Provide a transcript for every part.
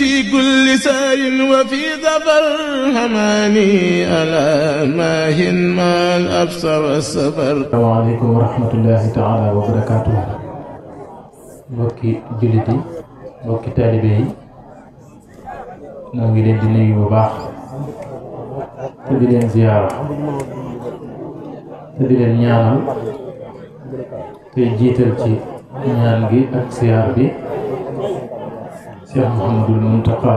في كل سار وفي ظفر هماني ألا ماهن ما الأبصر السفر السلام عليكم ورحمة الله تعالى وبركاته mbokki jullit yi mbokki taalibe yi noo ngi leen di nuyu bu baax te di leen ziyaara te di leen ñaanal te jiital ci ñaan gi ak ziyaar bi Cheikh Mouhamadul Mountakha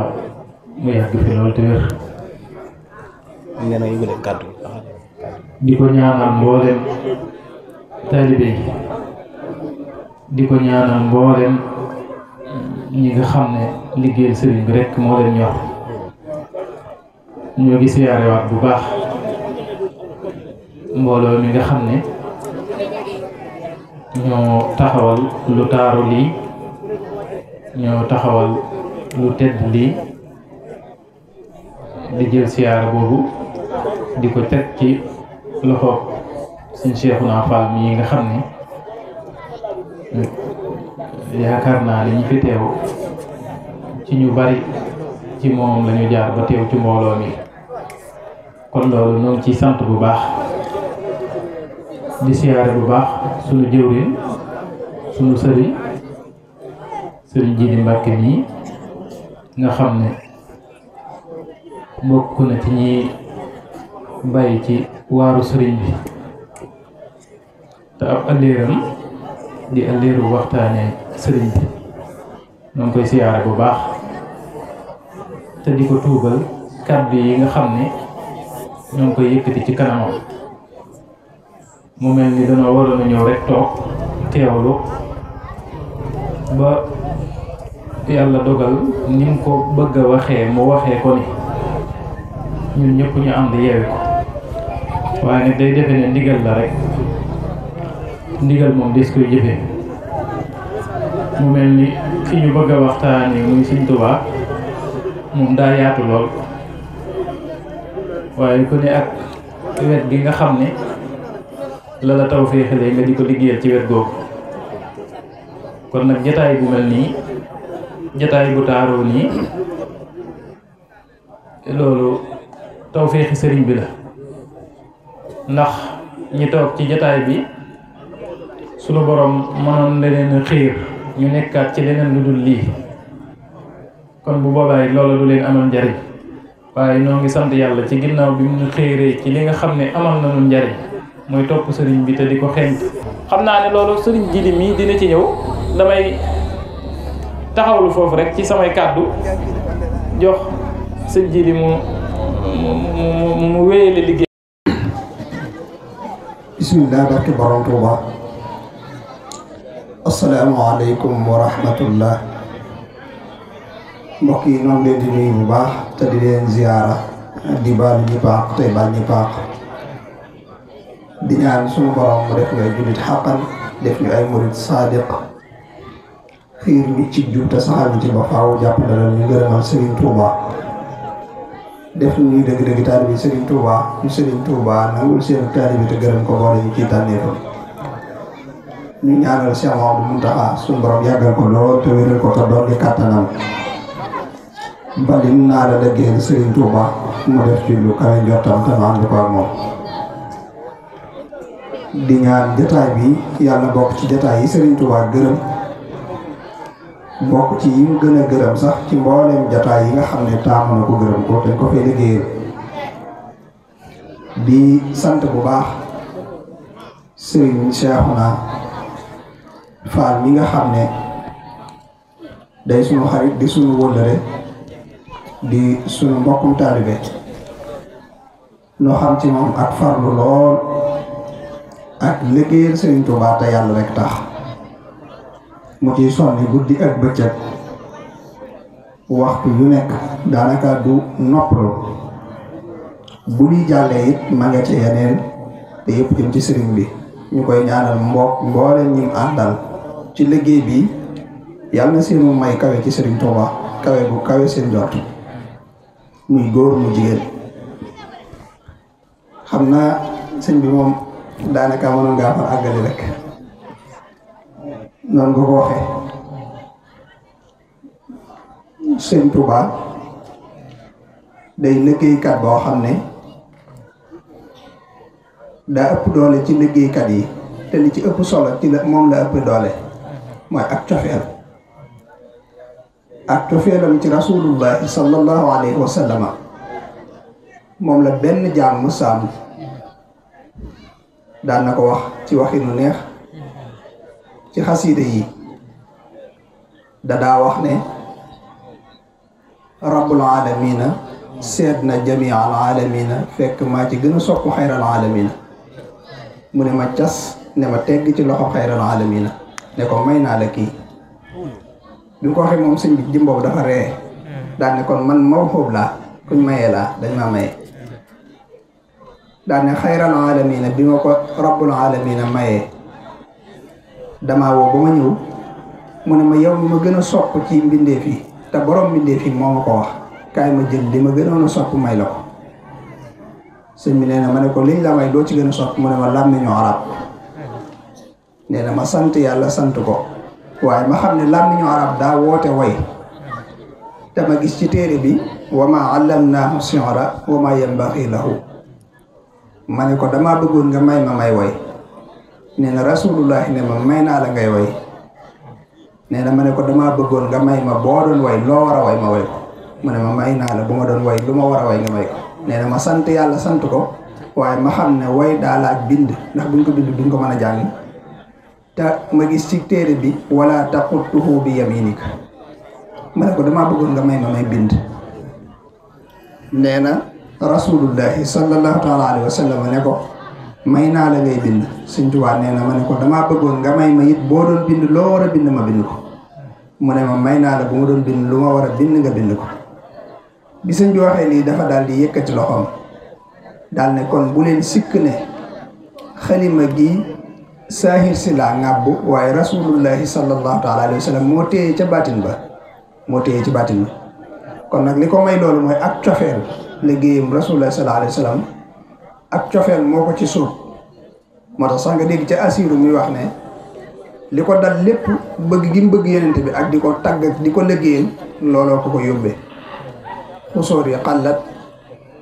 mu yàgg di ko ñaanal mboolem taalibe yi di ko ñaanal mboolem ñi nga xam ne liggéeyal sëriñ bi rek moo leen ñor ñoo ngi siyaarewaat bu baax mbooloo mi nga xam ne ñoo taxawal lu taaru lii ñoo taxawal lu tedd lii di jël siyaara boobu di ko teg ci loxo suñ Cheikhouna Fall mii nga xam ne yaakaar naa li ñu fi teew ci ñu bari ci moom lañu jaar ba teew ci mbooloo mi kon loolu ñoo ngi sant bu baax di siyaare bu baax sunu jëwriñ sunu suñu sëriñ Jidi Mbàkke mii nga xam ne bokk na ci ñi bàyyi ci waaru sëriñ bi te ab alléeram di alléeru waxtaane sëriñ bi ñoo koy siyaare bu baax te di ko tuubal kàddu yi nga xam ni ñoo koy yëkkati ci kanamam mu mel ni danoo waroon a ñëw rek toog teewlu ba yàlla dogal ni mu ko bëgg a waxee mu waxee ko ni ñun ñëpp ñu ànd yeewi ko waaye nag day defe ne ndigal la rek ndigal moom des koy jëfee mu mel ni ki ñu bëgg a waxtaani muy Sëñ Tuubaa moom daa yaatu lool waaye ku ne ak wet gi nga xam ne lala la taw féexalee nga di ko liggéeyal ci wet googu kon nag jataay bu mel nii jataay bu taaroo nii loolu tawféexi sëriñ bi la ndax ñi toog ci jataay bi sunu borom mënoon leneen xiir ñu nekkaat ci leneen lu dul lii kon bu boobaay loola du leen amal njariñ waaye ñoo ngi sant yàlla ci ginnaaw bi mu xiiree ci li nga xam ne amal nañu njariñ mooy topp sëriñ bi te di ko xeeñ xam naa ne loolu sëriñ ji li dina ci ñëw damay taxawlu fofu rek ci samay kaddu jox señ ji li mu mu mu mu wéyale bismillah barke borom assalamu alaykum wa rahmatullah mbokk yi ñoo ngi leen di nuyu bu baax te di leen ziyara di baal ñi baax tey baal ñi baax di ñaan suñu borom mu def ñoy julit jullit def ñu ay murid sadiq xiir ngi ci jub te saxal ci ba faaw jàppandalal ñu ngërëmal Serigne Touba def ñuy deug dëgg taalibi Serigne Touba ñu Serigne Touba nangul seen taalibi te gërëm ko boole ci ciy ko ñu ñaanal Cheikh mohamed muntaha sun borom yàggal ko lo te wéral ko ta doon di kàttanam bali naa la dëggeel Serigne Touba mu def ci lu kawe jottam te ànd ko ak mom di ñaan jataay bi yalla bok ci jataay Serigne Touba gërëm bokk ci yi mu gën a gërëm sax ci mbooleem jataay yi nga xam ne taamu na ko gërëm ko dañ ko fay liggéeyal di sant bu baax sëriñ Cheikhouna Fall mi nga xam ne day sunu xarit di sunu wëllëre di sunu mbokkum taalibe noo xam ci moom ak farlu lool ak liggéeyal sëriñ Tuubaa te yàlla rek tax mu ciy sonni guddi ak bëccëg waxtu yu nekk daanaka du noppalu bu ñuy jàllee it ma ci yeneen te yëpp jëm ci sëriñ bi ñu koy ñaanal mbokk mbooleen ñim àndal ci liggéey bi yàlla na seenu may kawe ci sëriñ Tuuba kawe bu kawe seen jot muy góor mu jigéen xam naa sëñ bi moom daanaka mënoon ngaa far àggali rek noonu nga ko waxee sëñ Touba day liggéeykat boo xam ne daa ëpp doole ci liggéeykat yi te li ci ëpp solo ci la moom la ëpp doole mooy ak cofeel ak cofeelam ci rasulullahi sallallahu alayhi wa moom la benn jaam mu sàmm daan na ko wax ci waxinu neex ci xasiida yi dadaa wax ne rabbul aalamiina seet na jamii al aalamiina fekk maa ci gën a sopp xayral mu ne ma cas ne ma tegg ci loxo xayral aalamiina ne ko may naa la kii bi mu ko waxee moom sëñ bi dafa ree daal ne kon man maw xóob laa kuñ mayee laa dañ maa maye daal ne xayral aalamiina bi ma ko rabbul aalamiina mayee damaa woo ba ma ñëw mu ne ma yow mi ma gën a sopp ci mbindeef yi te borom mbindeef yi moo ma ko wax kaay ma jël li ma gënoon a sopp may la ko sëñ nee na ma ne ko liñ la may doo ci gën a sopp mu ne ma làmmiñu arab nee na ma sant yàlla sant ko waaye ma xam ne làmmiñu arab daa woote way te ma gis ci téere bi wa ma allamnaahu shi'ra wa ma yanbaghi lahu ma ne ko dama bëggoon nga may ma may woy nee na rasulullah ne ma may naa la ngay way nee na ma ne ko damaa bëggoon nga may ma boo doon way loo war a way ko may naa la bu ma doon way lu ma war a way nga may ko nee ma sant yàlla sant ko waaye ma xam ne way daa laaj bind ndax buñ ko bind duñ ko mën a jàng te ma gis ci téere bi wala taqutuhu bi yaminika ma ne ko damaa bëggoon nga may ma may bind nee na rasulullahi sallallahu taala alayhi wa sallam ne ko may naa la ngay bind Sëñ Tuubaa nee na ma ne ko damaa bëggoon nga may ma it boo doon bind loo war a bind ma bind ko mu ma may naa la ma doon bind lu ma war a bind nga bind ko bi sëñ bi lii dafa daal di yëkkati loxoom daal ne kon bu leen sikk ne xalima gi saahir si laa ŋàbbu waaye rasulullahi sallallahu taala alayhi moo téye ca baatin ba moo téye ci baatin ba kon nag li ko may loolu mooy ak cofeel liggéeyam rasulullahi sallallahu alayhi wa sallam ak cofeel moo ko ci suuf moo tax sax nga dégg ca asiru muy wax ne li ko dal lépp bëgg gi bëgg yenent bi ak di ko tàgg ak di ko lëggéeyal looloo ko ko yóbbee xusóor yi xallat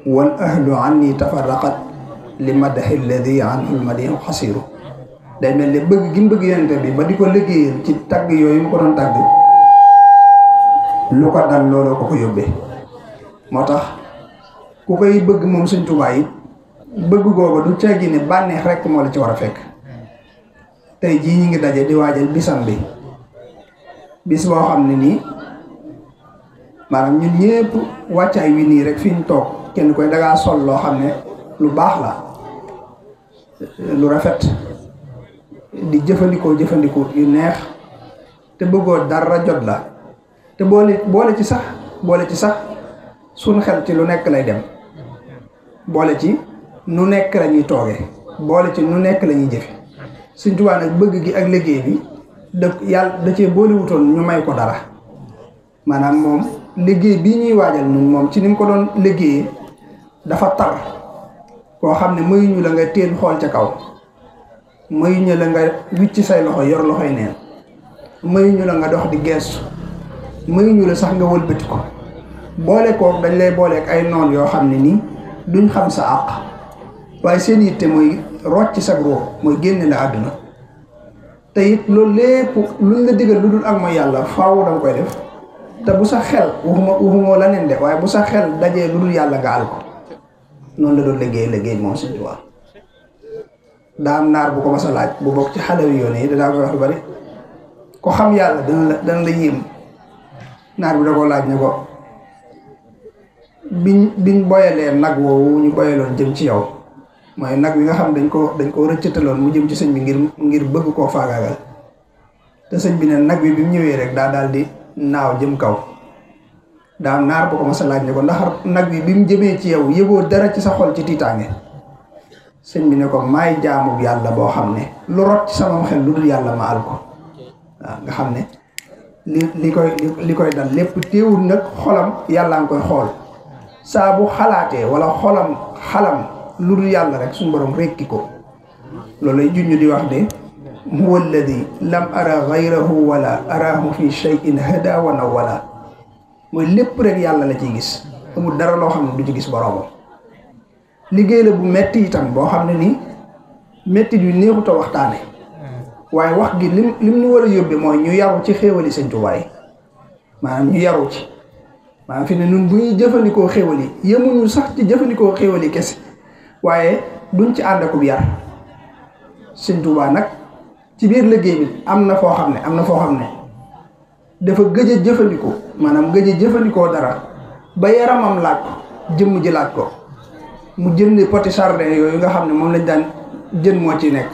wal ahlu anni tafarraqat li madaxi lladi anhu lmadiu xasiru day mel ne bëgg gi bëgg yenent bi ba di ko lëggéeyal ci tàgg yooyu mu ko doon tàgg lu ko dal looloo ko ko yóbbee moo tax ku koy bëgg moom Sëñ Tuubaa bëgg googu du teggi ni bànneex rek moo la ci war a fekk tey jii ñu ngi daje di waajal bisam bi bis boo xam ne nii maanaam ñun ñëpp wàccaay wi nii rek fi ñu toog kenn koy dangaa sol loo xam ne lu baax la lu rafet di jëfandikoo jëfandikoo yu neex te bëggoo dara jot la te boole boole ci sax boole ci sax suñ xel ci lu nekk lay dem boole ci nu nekk la ñuy boole ci nu nekk lañuy ñuy jëfe Sëñ ak bëgg gi ak liggéey bi da yàlla da cee boolewutoon ñu may ko dara maanaam moom liggéey bii ñuy waajal nun moom ci ni mu ko doon liggéeyee dafa tar koo xam ne mayuñu la nga téen xool ca kaw mayuñu la nga wicc say loxo yor loxoy neen mayuñu la nga dox di geestu mayuñu la sax nga wëlbati ko boole koo dañ lay booleek ay noon yoo xam ne nii duñ xam sa àq waaye seen yitte mooy rocc sag ruux mooy génne la àdduna te it loolu lépp luñ la digal lu dul ak mooy yàlla faaw danga koy def te bu sa xel waxuma la neen de waaye bu sax xel dajee lu dul yàlla nga noonu la doon liggéey liggéey moom Sëñ daa am naar bu ko mas a laaj bu bokk ci xale yu yoon yi danaa koy wax lu bari ko xam yàlla dana la la yéem naar bi da ko laaj ne ko biñ biñ boyalee nag woowu ñu boyaloon jëm ci yow mooy nag wi nga xam dañ koo dañ koo rëccataloon mu jëm ci sëñ bi ngir ngir bëgg koo faagaagal te sëñ bi ne nag wi bi mu ñëwee rek daa daal di naaw jëm kaw daa naar bu ko ma a laaj ne ko ndax nag wi bi mu jëmee ci yow yëgoo dara ci sa xol ci tiitaange sëñ bi ne ko maay jaamu yàlla boo xam ne lu rot ci sama xel lu dul yàlla ma al ko nga xam ne li li koy li koy dal lépp teewul nag xolam yàlla nga koy xool saa bu xalaatee wala xolam xalam lu dul yàlla rek suñu boroom rekki ko loolu lay junj di wax de huwa alladi lam ara gayrahu wala arahu fi cheyin hada wa nawala mooy lépp rek yàlla la ci gis amul dara loo xam ne du ci gis boroomam liggéey la bu metti itam boo xam ne nii metti yu néexut a waxtaane waaye wax gi lim lim ñu war a yóbbe mooy ñu yaru ci xéewali Sëñ Tuubaa yi maanaam ñu yaru ci maa maanaam fi ne ñun bu jëfandikoo xéewal yi yemuñu sax ci jëfandikoo xéewal yi kese waaye duñ ci ànd akub yar sëñ Tuubaa nag ci biir liggéey bi am na foo xam ne am na foo xam ne dafa gëj a jëfandikoo maanaam gëj jëfandikoo dara ba yaramam laaj ko jëmm ji ko mu jënd poti sardin yooyu nga xam ne moom lañ daan jën moo ci nekk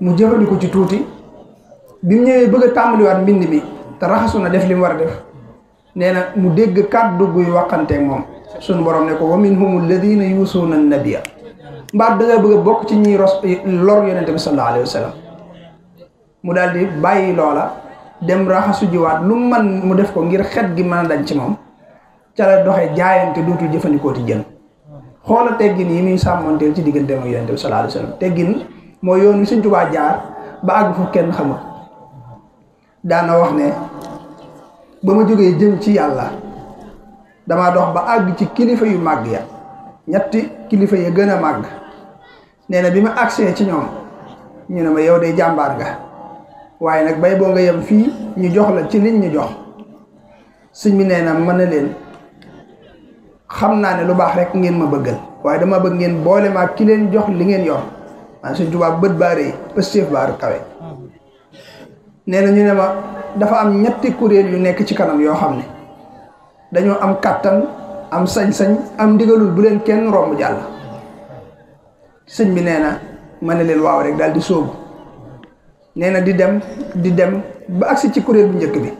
mu jëfandiku ci tuuti bi mu ñëwee bëgg a tàmbaliwaat mbind mi te raxasu na def lim war a def nee na mu dégg kàddu guy waxanteeg moom sun borom ne ko wa minhumul ladina yusuna nabiyya mbaa da nga bëgg bok ci ñi ros lor yonente bi sallallahu alayhi wasallam mu daldi bayyi lola loola dem raxasu wat lu man mu def ko ngir xet gi man dañ ci mom ca la doxé jaayante dootul jëfandikoo ti jën xol teggin yi muy ci diggante ak yonente bi sallallahu alayhi wasallam teggin yoon jaar ba ag fu kenn xamul na wax ne bama jëm ci yalla damaa dox ba àgg ci kilifa yu màgg ya ñetti kilifa ya gën a màgg nee na bi ma agsee ci ñoom ñu ne ma yow de jàmbaar nga waaye nag bay boo nga yem fii ñu jox la ci liñ ñu jox sëñ bi nee na mën na leen xam naa ne lu baax rekk ngeen ma bëggal waaye dama bëgg ngeen boole ma ki leen jox li ngeen yor maanaam sëñ Tuubaa bët baaree pëstéef baar kawe nee na ñu ne ma dafa am ñetti kuréel yu nekk ci kanam yoo xam ne dañu am katan am sañ-sañ am digalul bu len kenn rombu jalla señ bi neena na ma waaw rek daal di sóobu di dem di dem ba aksi ci kuréel bu ñëkk bi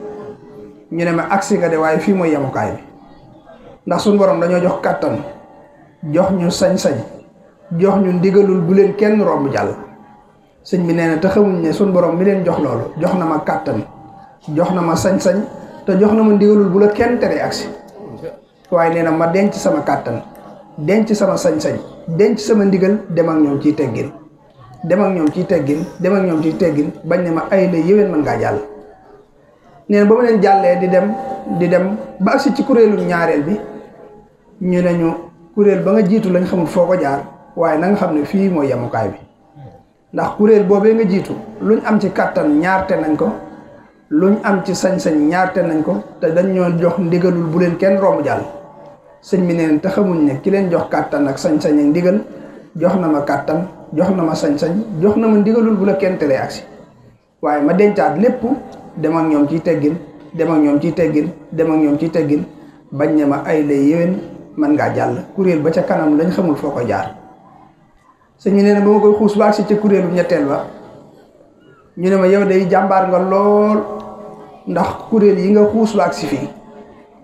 ñu ne ma aksi nga de way fi moy yamukaay bi ndax suñu borom dañu jox katan jox ñu sañ-sañ jox ñu digalul bu len kenn rombu jalla señ bi neena taxawuñ ne suñu borom mi len jox lolu jox na ma katan jox na ma sañ-sañ te jox na ma ndigalul bu la kenn teree agsi waaye nee ma denc sama kàttan denc sama sañ-sañ denc sama ndigal dem ak ñoom ciy teggin dem ak ñoom ciy teggin dem ak ñoom ciy bañ ne ma ay la yéwén mën ngaa jàll nee na ba ma leen jàllee di dem di dem ba agsi ci kuréelu ñaareel bi ñu ne ñu kuréel ba nga jiitu lañ xamul foo ko jaar waaye na xam ne fii mooy yemukaay bi ndax kuréel boobee nga jiitu luñ am ci kàttan ñaarte nañ ko luñ am ci sañ-sañ ñaarte nañ ko te dañ ñoo jox ndigalul bu leen kenn romb jàll sëñ bi neen te xamuñ ne ki leen jox kàttan ak sañ-sañ ak ndigal jox na ma kàttan jox na ma sañ-sañ jox na ma ndigalul bu la kenn telee agsi waaye ma dencaat lépp dem ak ñoom ciy teggin dem ak ñoom ciy teggin dem ak ñoom ciy teggin bañ ne ma ay lay yéwén mën ngaa jàll kuréel ba ca kanam lañ xamul foo ko jaar sëñ bi nee na ba ma koy xuus ba ca kuréelu ñetteel wa ñu ne ma yow day jàmbaar nga lool ndax kuréel yi nga xuus la ak si fii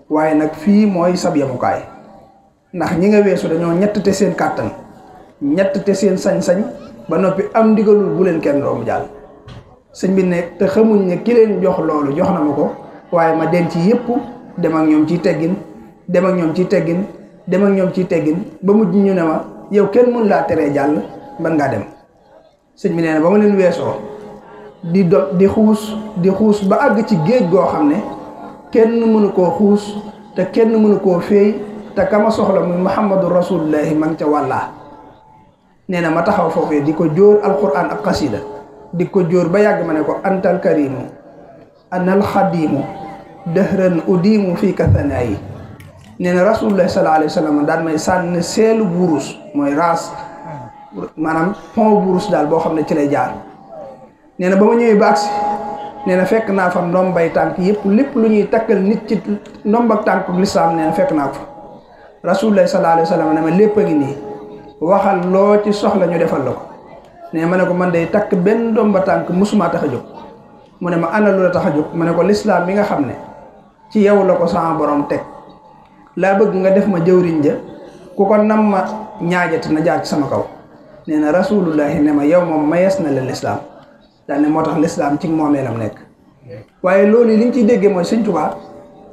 waaye nag fii mooy sab yemukaay ndax ñi nga weesu dañoo ñett te seen kàttan ñett te seen sañ-sañ ba noppi am ndigalul bu leen kenn doomu jàll sëñ bi ne te xamuñ ne ki leen jox loolu jox na ma ko waaye ma den ci yépp dem ak ñoom ciy teggin dem ak ñoom ciy teggin dem ak ñoom ciy teggin ba mujj ñu ne ma yow kenn mën laa teree jàll mën ngaa dem sëñ bi nee na ba ma leen weesoo di do di xuus di xuus ba àgg ci géej goo xam ne kenn mënu koo xuus te kenn mënu koo feey te kama soxla muy muhammadu rasulullahi ma ngi ca wàllaa nee na ma taxaw foofee di ko jóor alquran ak xasida di ko jóor ba yàgg ma ne ko antal karimu anal xadimu dëhran udimu fii kathana yi nee na rasulullahi sallallahu alayhi wa sallam daan may sànn seelu burus mooy raas maanaam pont burus daal boo xam ne ci lay jaar nee bama ba nafam ba aksi nee fekk na fa bay tank yépp lépp lu ñuy takkal nit ci ndom ak tank fekk na fa rasulullah sallallahu alayhi Wasallam sallam lépp ngi waxal loo ci soxla ñu defal lako ko ne ma ko man day ben ndom ba tank musuma taxaju a mu ne ma ana lu taxaju mané ko l'islam mi nga xamné ci yow lako sama borom tek la bëgg nga def ma jëwriñ ja ku ko nam ma ñaajati na jaar ci sama kaw nee rasulullah yow daal ne moo tax lislaam ci moomeelam nekk waaye loolu liñ ciy déggee mooy sëñ Tuubaa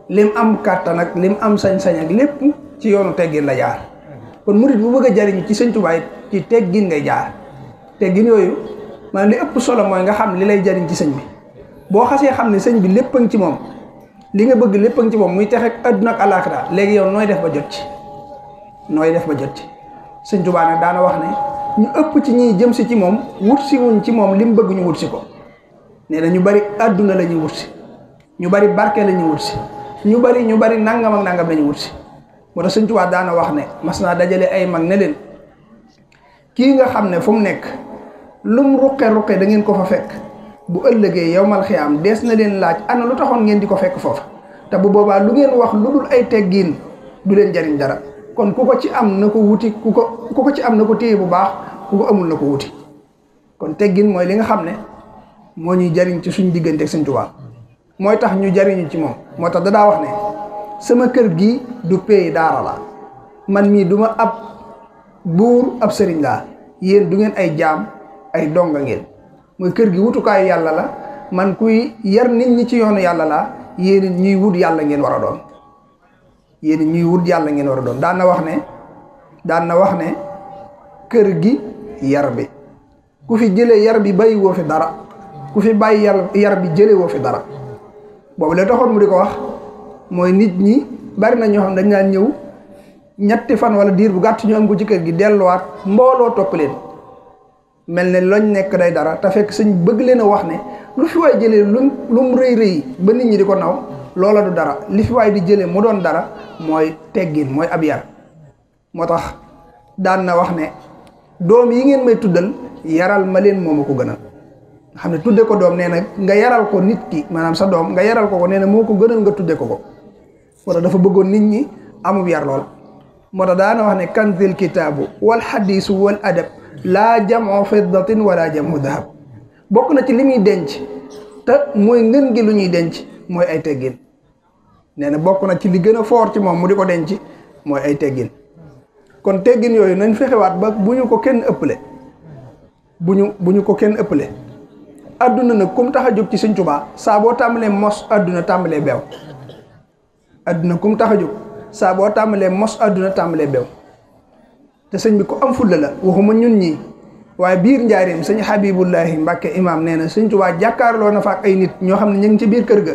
lim am kàttan ak lim am sañ-sañ ak lépp ci yoonu teggin la jaar kon murit bu bëgg a jariñ ci sëñ Tuubaa ci teggin jaar teggin yooyu maanaam ëpp solo mooy nga xam li lay jariñ ci sëñ bi boo xasee xam ne sëñ bi lépp a ngi ci moom li nga bëgg lépp a ci moom muy texe ak àdduna ak alaaxira léegi yow nooy def ba jot ci nooy def ba jot ci sëñ Tuubaa nag daana wax ne ñu ëpp ci ñiy jëm si ci moom wut si wuñ ci moom lim bëgg ñu wut si ko nee na ñu bari àdduna la ñuy si ñu bari barke la ñuy si ñu bari ñu bari nangam ak nangam la wut si moo tax Sëñ Tuubaa daana wax ne mas naa dajale ay mag ne leen kii nga xam ne fu mu nekk lum ruqe ruqe da ngeen ko fa fekk bu ëllëgee yowmal xiyaam dees na leen laaj ana lu taxoon ngeen di ko fekk foofu te bu boobaa lu ngeen wax lu dul ay teggiin du leen jariñ dara. kon ku ko ci am na ko wuti ku ko ku ko ci am na ko téye bu baax ku ko amul na ko wuti kon teggin mooy li nga xam ne moo ñuy jariñ ci suñu diggante ak Sëñ Tuubaa mooy tax ñu jariñu ci moom moo tax dadaa wax ne sama kër gi du pay daara la man mii du ma ab buur ab sëriñ laa yéen du ngeen ay jaam ay donga ngeen mooy kër gi wutukaayu yàlla la man kuy yar nit ñi ci yoonu yàlla laa yéen ñuy wut yàlla ngeen war a doon yéen ñuy wut yàlla ngeen war a doon daana wax ne daan na wax ne kër gi yar bi ku fi jële yar bi bàyyi fi dara ku fi bàyyi yar yar bi jëlee woo fi dara boobu la taxoon mu di ko wax mooy nit ñi bari na ñoo xam dañ naan ñëw ñetti fan wala diir bu gàtt ñoo am ko ci kër gi delluwaat mbooloo topp leen mel ne loñ nekk day dara te fekk suñ bëgg leen a wax ne lu fi waay jëlee lu lum rëy rëy ba nit ñi di ko naw loola du dara li fi waay di jëlee mu doon dara mooy teggin mooy ab yar moo tax daan na wax ne doom yi ngeen may tuddal yaral ma leen moo ma ko gënal nga xam ne tudde ko doom nee nag nga yaral ko nit ki maanaam sa doom nga yaral ko ko nee na moo ko gënal nga tudde ko ko moo tax dafa bëggoon nit ñi amub yar lool moo tax daana wax ne kanzil kitaabu wal xadiisu wal adab laa jamoo fiddatin wala jamoo dahab bokk na ci li muy denc te mooy ngën gi lu ñuy denc mooy ay teggin nee na bokk na ci li gën a foor ci moom mu di ko denc mooy ay teggin kon teggin yooyu nañ fexewaat ba bu ñu ko kenn ëppale bu ñu bu ñu ko kenn ëppale àdduna na kum tax a ci sëñ Tuubaa saaboo tàmbalee mos àdduna tàmbalee beew adduna kum tax a jóg saa boo tàmbalee mos adduna tàmbalee te sëñ bi ko am fulla la waxuma ñun ñi waaye biir njaareem sëñ Habibullahi Mbàkke imaam nee na sëñ Tuubaa jàkkaarloo na fa ay nit ñoo xam ne ñu ngi ci biir kër ga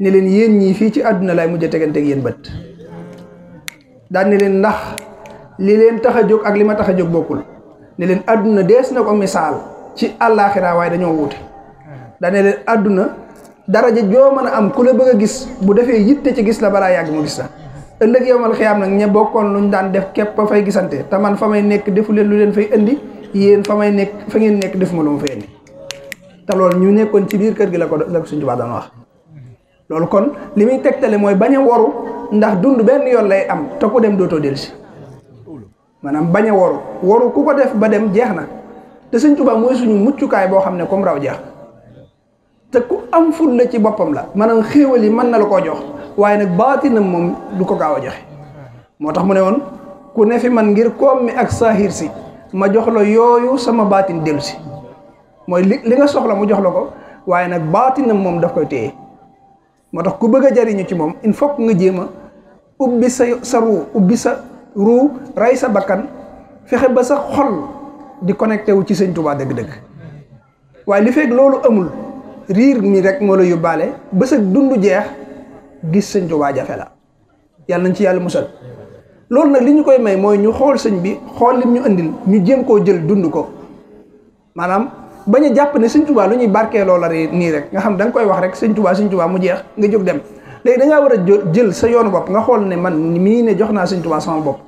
ne leen yéen ñii fii ci àdduna laay mujj a teganteeg yéen bët daan leen ndax li leen tax a jóg ak li ma tax a jóg bokkul ne leen àdduna dees na ko misaal ci àllaaxira waaye dañoo wuute daan ne leen àdduna daraja joo mën a am ku la bëgg a gis bu defee yitte ci gis la balaa yàgg mu gis la ëllëg yowmal xiyaam nag ña bokkoon luñ daan def képp fay gisante te man fa may nekk defu leen lu leen fay indi yéen fa may nekk fa ngeen nekk defuma ma lu mu fay indi te loolu ñu nekkoon ci biir kër gi la ko la ko loolu kon limi tektale moy baña woru waru ndax dund ben yoon lay am to ko dem doto delsi Manam baña woru waru waru ku ko def ba dem jeexna te seigne touba moy suñu muccu kay bo xamne kom raw jeex te ku am ful na ci bopam la manam xewali man na la jox waye nak batinam mom du ko gawa joxe mu newon ku ne fi man ngir kom mi ak sahir si ma jox lo yooyu sama batin delsi. moy li nga soxla mu jox lako ko nak batinam mom daf koy moo tax ku bëgg a jariñu ci moom il faut nga jéema a ubbi sa sa ubbi sa ruu ray sa bakkan fexe ba sa xol di connecté wu ci sëñ Tuubaa dëgg-dëgg waaye li fekk loolu amul riir mi rek moo la yóbbaale ba sa dund jeex gis sëñ Tuubaa jafe la yàlla nañ ci yàlla musal loolu nag li ñu koy may mooy ñu xool sëñ bi xool lim ñu andil ñu jéem koo jël dund ko maanaam ba ñu jàpp ne sëñ tubaa lu ñuy barkee nii rek nga xam da nga koy wax rek sëñ tubaa sëñ mu jeex nga jóg dem léegi da war a jël sa yoonu bopp nga xool ne man mii ne jox naa sëñ tubaa sama bopp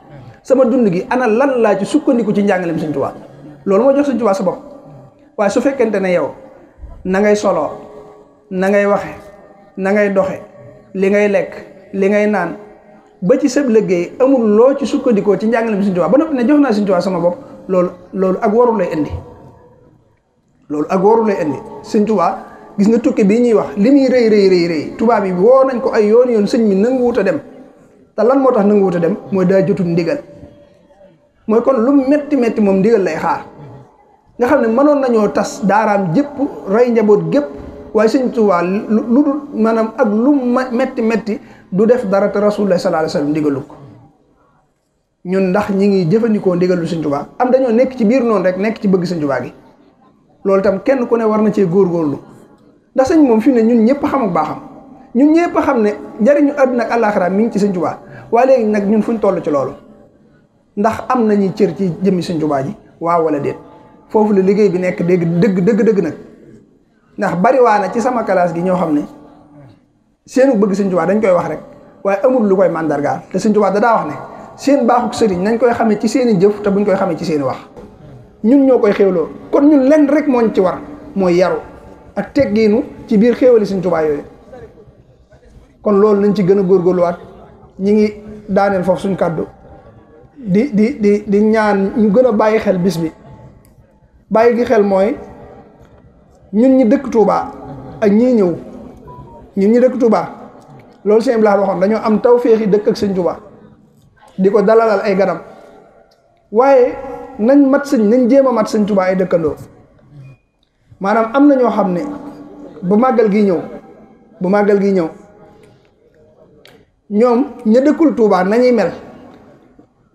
sama dund gi ana lan laa ci sukkandiku ci njàngaleem sëñ tubaa loolu moo jox sëñ tubaa sa bopp waaye su fekkente ne yow na ngay soloo na ngay waxe na ngay doxe li ngay lekk li ngay naan ba ci sëb liggéey amul loo ci sukkandikoo ci njàngaleem sëñ tubaa ba noppi ne jox naa sëñ tubaa sama bopp loolu loolu ak waru lay indi loolu ak waru lay indi sëñ Touba gis nga tukki bii ñuy wax li muy rëy rëy rëy tubaab yi woo nañ ko ay yoon yoon sëñ mi nanguwut a dem te lan moo tax nanguwut a dem mooy daa jotul ndigal mooy kon lu metti metti moom ndigal lay xaar nga xam ne mënoon nañoo tas daaraam jëpp rey njaboot gépp waaye sëñ Touba lu dul maanaam ak lu metti metti du def dara te rasulullah sallallahu alayhi wasallam ndigalu ko ñun ndax ñi ngi jëfandikoo ndigalu sëñ Touba am dañoo nekk ci biir noonu rek nekk ci bëgg sëñ Touba gi loolu tam kenn ku ne war na cee góor góorlu ndax sëñ moom fi ne ñun ñëpp xam ak baaxam ñun ñëpp xam ne njariñu àdduna ak àllaaxira mi ngi ci sëñ Tuubaa waaye léegi nag ñun fuñ toll ci loolu ndax am nañuy cër ci jëmmi sëñ Tuubaa ji waaw wala déet foofu la liggéey bi nekk dégg dëgg dëgg dëgg nag ndax bari waa na ci sama classe gi ñoo xam ne seenu bëgg sëñ Tuubaa dañ koy wax rek waaye amul lu koy mandargaal te sëñ Tuubaa da daa wax ne seen baaxuk sëriñ nañ koy xamee ci seeni jëf te buñ koy xamee ci seeni wax ñun ñoo koy xewloo kon ñun lenn rek mooñ ci war mooy yaru ak teggiinu ci biir xéwali Sëñ Tuubaa yooyu kon loolu nañ ci gën a góor góorgóorluwaat ñi ngi daaneel foofu suñ kàddu di di di di ñaan ñu gën a bàyyi xel bis bi bàyyi gi xel mooy ñun ñi dëkk Touba ak ñii ñëw ñun ñi dëkk Touba loolu sëñ Ibrahima waxoon dañoo am tawféexi dëkk ak sëñ Touba di ko dalalal ay ganam waaye nañ mat sëñ nañ jéem a mat sëñ Tuubaa ay dëkkandoo maanaam am na ñoo xam ne bu màggal gi ñëw bu màggal gi ñëw ñoom ña dëkkul Tuubaa nañuy mel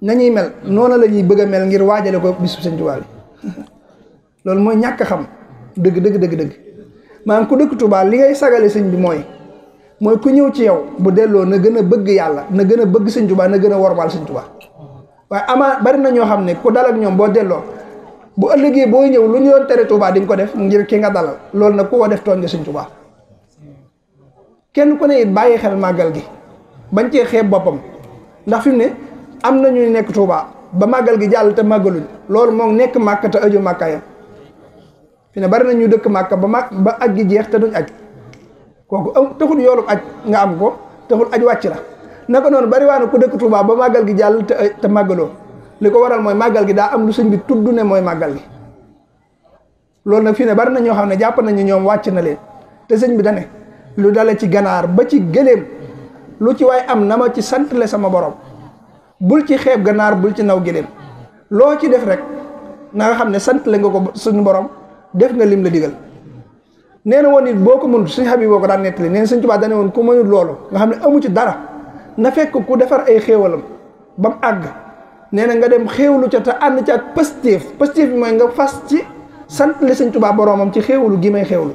nañuy mel noona lañuy bëgg a mel ngir waajale ko bisu sëñ Tuubaa bi loolu mooy ñàkk xam dëgg dëgg dëgg dëgg ngi ku dëkk Tuubaa li ngay sagale sëñ bi mooy mooy ku ñëw ci yow bu delloo na gën a bëgg yàlla na gën a bëgg sëñ Tuubaa na gën a wormaal sëñ Tuubaa waaye amaa bari na ñoo xam ne ku dalak ñoom boo delloo bu ëllëgee booy ñëw lu ñu doon tere Touba di nga ko def ngir ki nga dalal loolu nag ku ko def tooñ nga Sëñ kenn ku ne it bàyyi xel màggal gi bañ cee xeeb boppam ndax fi ne am na ñuy nekk tuubaa ba màggal gi jàll te màggaluñ loolu moom nekk màkk te aju màkkaayam fi ne bari na ñu dëkk màkk ba màkk ba aj gi jeex te duñ aj kooku am taxul yoolu aj nga am ko taxul aj wàcc la. naka noonu bari waa na ku dëkk Touba ba màggal gi jàll te eh, te màggaloo li ko waral mooy màggal gi daa am lu sëñ bi tudd ne mooy màggal gi loolu nag fii ne bari na ñoo xam ne jàpp nañu ñoom wàcc na leen te sëñ bi dane lu dale ci ganaar ba ci gëléem lu ci waaye am na ma ci santle sama borom bul ci xeeb ganaar bul ci naw gëléem loo ci def rek na nga xam ne sant la nga ko suñu borom def nga lim la digal nee na woon it boo ko mënut suñ xam yi boo ko na suñ tubaab dane woon ku mënut loolu nga xam ne amu ci dara na fekk ku defar ay xéewalam ba mu àgg nee na nga dem xéewlu ca te ànd ca ak pëstéef pëstéef bi mooy nga fas ci sant li sëñ Tuubaa boroomam ci xéewalu gi may xéewlu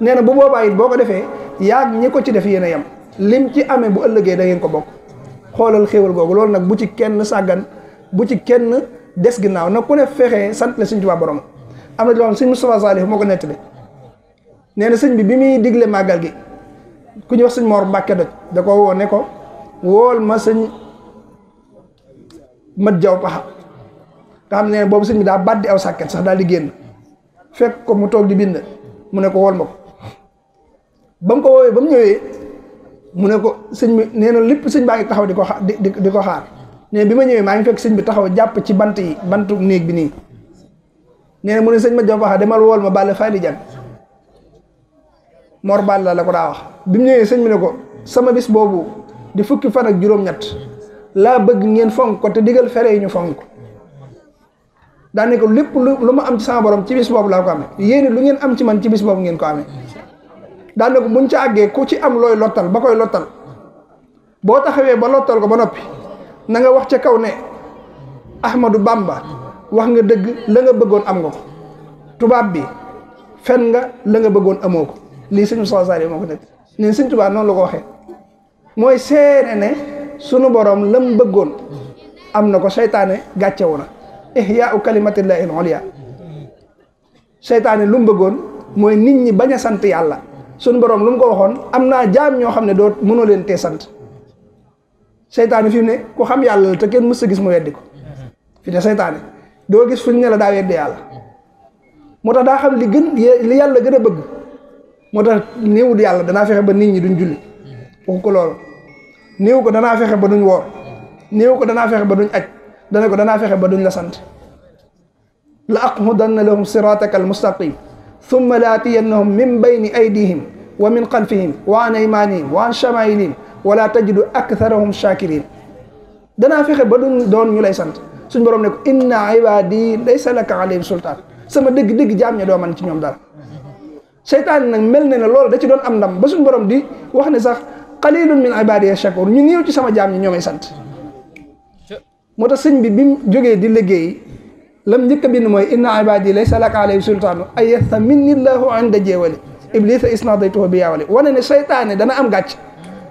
nee na bu boobaa it boo ko defee yaag ñi ko ci def yéen a yem lim ci amee bu ëllëgee da ngeen ko bokk xoolal xéewal googu loolu nag bu ci kenn sàggan bu ci kenn des ginnaaw nag ku ne fexee sant la sëñ Tuubaa boroomam am na loo xam sëñ Moustapha Salih moo ko nettali nee na sëñ bi bi muy digle màggal gi ku ñu sëñ Mor Mbàkke da ko ko wool ma sëñ mat jaw paxa nga xam ne boobu sëñ bi daa baddi aw sàkket sax daal di génn fekk ko mu toog di bind mu ne ko wool ma ko ba mu ko woowee ba mu ñëwee mu ne ko sëñ bi nee na lépp sëñ baa ngi taxaw di ko di ko xaar bi ma ñëwee maa ngi sëñ bi taxaw jàpp ci bant yi bantu néeg bi nii nee na mu ne sëñ ma jaw paxa demal wool ma bàlle fayli jan mor bàlla la ko daa wax bi mu ñëwee sëñ bi ne ko sama bis boobu di fukki fan ak juróom-ñett laa bëgg ngeen fonk ko te digal fere yi ñu fonk daanaka lépp lu ma am ci sama borom ci bis boobu laa ko amee yéen lu ngeen am ci man ci bis boobu ngeen ko amee daanaka buñ ci àggee ku ci am looy lottal ba koy lottal boo taxawee ba lottal ko ba noppi na nga wax ca kaw ne Ahmadou Bamba wax nga dëgg la nga bëggoon am nga ko tubaab bi fen nga la nga bëggoon amoo ko lii sëñ Moussa Sall moo ko nekk neen sëñ tubaab noonu la ko waxee. mooy seere ne sunu borom lam bëggoon am na ko seytaane gàccewu na ihyaau kalimatillahi al ulya seytaane lu mu bëggoon mooy nit ñi bañ a sant yàlla sunu borom lu mu ko waxoon am naa jaam ñoo xam ne doo mënoo leen tee sant seytaane fi mu ne ku xam yàlla la te kenn mës a gis mu weddi ko fi ne seytaane doo gis fu ñu ne la daa weddi yàlla moo tax daa xam li gën li yàlla gën a bëgg moo tax néewul yàlla danaa fexe ba nit ñi duñ julli wax ko loolu néew ko danaa fexe ba duñ woor néew ko danaa fexe ba duñ aj dana ko danaa fexe ba duñ la sant la aqudanna lahum siraataka almustaqim thumma la atiyannahum min bayni aydihim wa min xalfihim wa an aymanihim wa an chamailihim wala tajidu aktharahum shakirin danaa fexe ba duñ doon ñu lay sant suñ borom ne ko inna ibadi laysa laka alayhim sultaan sama dëgg-dëgg jaam ña doo man ci ñoom dara seytaan mel ne ne loolu da doon am ndam ba suñ borom di wax ne sax qalilun min ibadiya shakur ñu néew ci sama jaam ñi ñoo may sant moo tax sëñ bi bi mu jógee di liggéey lam njëkk a bind mooy inna ibadi laysa laka alayhi sultaanu ay yasta minni llahu inda jeewali iblisa isnadaytuhu bi yaawali wane ne seytaane dana am gàcc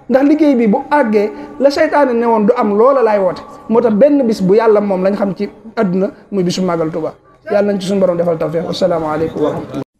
ndax liggéey bi bu àggee la seytaane ne woon du am loola laay woote moo tax benn bis bu yàlla moom lañ xam ci àdduna muy bisu màggal Tuuba yàlla nañ ci suñu borom defal tawfiq asalaamaaleykum wa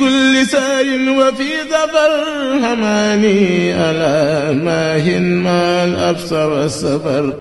كل ساي وفي ذبر هماني ألا ماهن ما أبصر السفر